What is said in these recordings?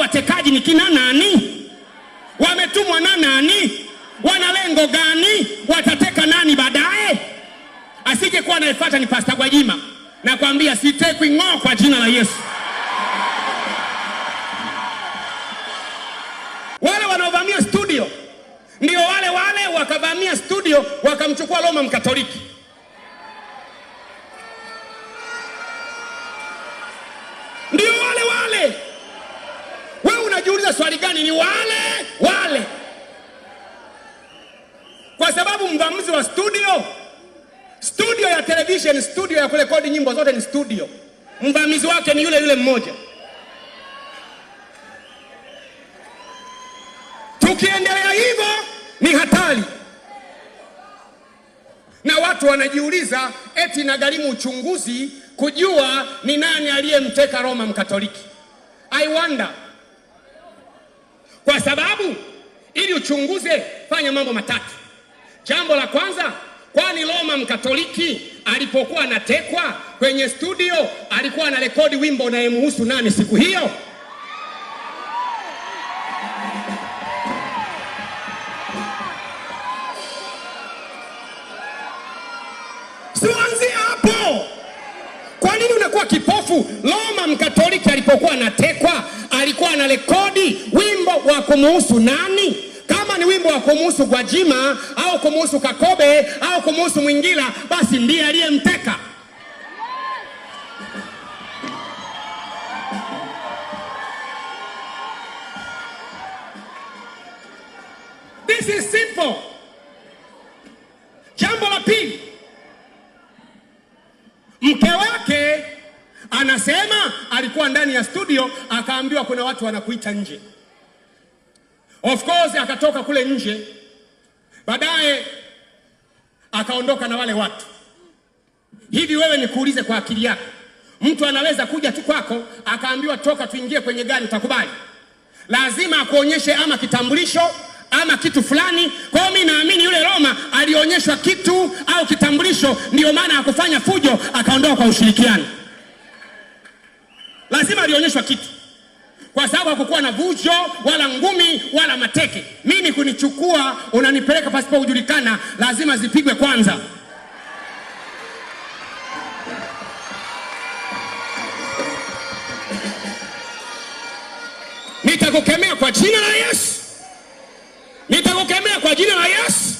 watekaji ni kina nani? Wametumwa na nani? Wana lengo gani? Watateka nani baadaye? Asije kuwa anayefuata ni Pasta Gwajima. Nakwambia sitekwi ng'oo kwa jina la Yesu. Wale wanaovamia studio ndio wale wale wakavamia studio wakamchukua Roma Mkatoliki. kuuliza swali gani, ni wale wale, kwa sababu mvamizi wa studio, studio ya television, studio ya kurekodi nyimbo zote ni studio, mvamizi wake ni yule yule mmoja. Tukiendelea hivyo ni hatari, na watu wanajiuliza eti nagharimu uchunguzi kujua ni nani aliyemteka Roma Mkatoliki. I wonder kwa sababu ili uchunguze, fanya mambo matatu. Jambo la kwanza, kwani Roma Mkatoliki alipokuwa anatekwa kwenye studio alikuwa rekodi wimbo unayemuhusu nani siku hiyo? Sianzia hapo. Kwa nini unakuwa kipofu? Roma Mkatoliki alipokuwa anatekwa alikuwa ana rekodi wimbo wa kumuhusu nani? Kama ni wimbo wa kumuhusu Gwajima au kumuhusu Kakobe au kumuhusu Mwingila, basi ndiye aliyemteka. This is simple. alikuwa ndani ya studio akaambiwa kuna watu wanakuita nje. Of course akatoka kule nje, baadaye akaondoka na wale watu. Hivi wewe nikuulize kwa akili yako, mtu anaweza kuja tu kwako akaambiwa toka tuingie kwenye gari, utakubali? Lazima akuonyeshe ama kitambulisho ama kitu fulani. Kwa hiyo mimi naamini yule Roma alionyeshwa kitu au kitambulisho, ndiyo maana akufanya fujo, akaondoka kwa ushirikiano lazima alionyeshwa kitu, kwa sababu hakukuwa na vujo wala ngumi wala mateke. Mimi kunichukua unanipeleka pasipo kujulikana, lazima zipigwe kwanza. Nitakukemea kwa jina la Yesu, nitakukemea kwa jina la Yesu.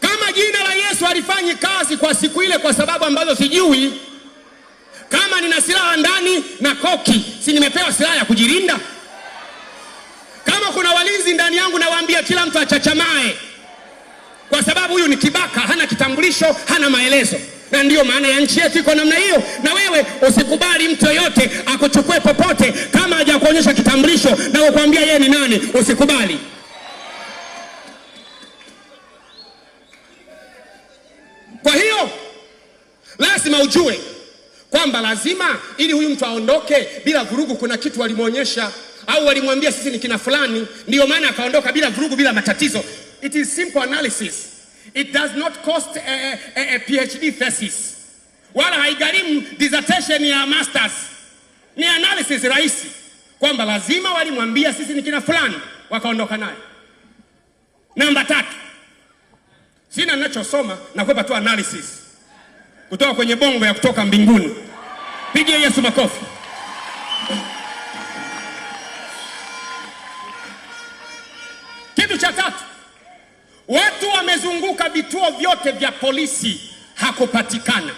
Kama jina la Yesu alifanyi kazi kwa siku ile, kwa sababu ambazo sijui kama nina silaha ndani na koki, si nimepewa silaha ya kujilinda? Kama kuna walinzi ndani yangu, nawaambia kila mtu achachamae, kwa sababu huyu ni kibaka, hana kitambulisho, hana maelezo na ndiyo maana ya nchi yetu iko namna hiyo. Na wewe usikubali mtu yoyote akuchukue popote kama hajakuonyesha kitambulisho na kukwambia yeye ni nani, usikubali. Kwa hiyo lazima ujue kwamba lazima ili huyu mtu aondoke bila vurugu, kuna kitu walimwonyesha au walimwambia sisi ni kina fulani, ndiyo maana akaondoka bila vurugu, bila matatizo. It is simple analysis, it does not cost a, a, a PhD thesis, wala haigharimu dissertation ya masters. Ni analysis rahisi kwamba lazima walimwambia sisi ni kina fulani, wakaondoka naye. Namba tatu, sina nachosoma, nakwepa tu analysis kutoka kwenye bongo ya kutoka mbinguni. Pigia Yesu makofi. Kitu cha tatu, watu wamezunguka vituo vyote vya polisi, hakupatikana.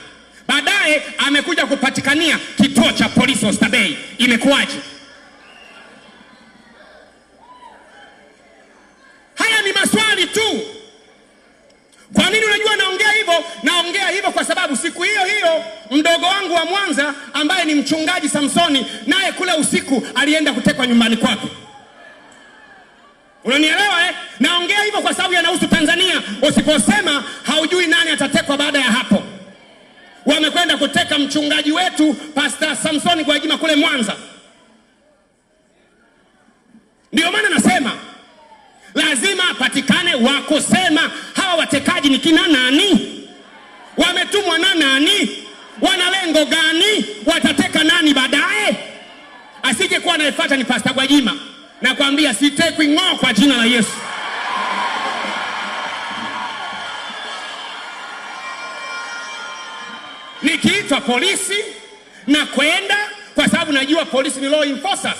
Baadaye amekuja kupatikania kituo cha polisi Oysterbay. Imekuwaje? Naongea hivyo kwa sababu siku hiyo hiyo mdogo wangu wa Mwanza ambaye ni mchungaji Samsoni, naye kule usiku alienda kutekwa nyumbani kwake. Unanielewa eh? Naongea hivyo kwa sababu yanahusu Tanzania. Usiposema haujui nani atatekwa baada ya hapo. Wamekwenda kuteka mchungaji wetu Pastor Samsoni Gwajima kule Mwanza. Ndio maana nasema lazima patikane wa kusema hawa watekaji ni kina nani. Wametumwa na nani? Wana lengo gani? Watateka nani baadaye? Asije kuwa anayefuata ni Pasta Gwajima. Nakwambia sitekwi ng'oo kwa jina la Yesu. Nikiitwa polisi na kwenda kwa sababu najua polisi ni law enforcers,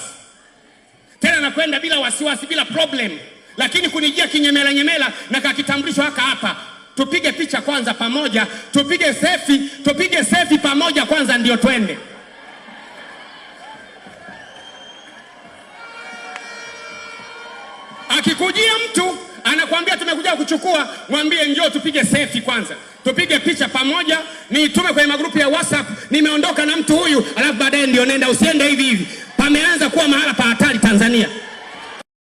tena nakwenda bila wasiwasi, bila problem. Lakini kunijia kinyemela nyemela na kakitambulisho haka hapa tupige picha kwanza pamoja, tupige sefi, tupige sefi pamoja kwanza, ndio twende. Akikujia mtu anakuambia tumekuja kuchukua, mwambie njoo tupige sefi kwanza, tupige picha pamoja, niitume kwenye magrupu ya WhatsApp, nimeondoka na mtu huyu, alafu baadaye ndio nenda. Usiende hivi hivi, pameanza kuwa mahala pa hatari Tanzania.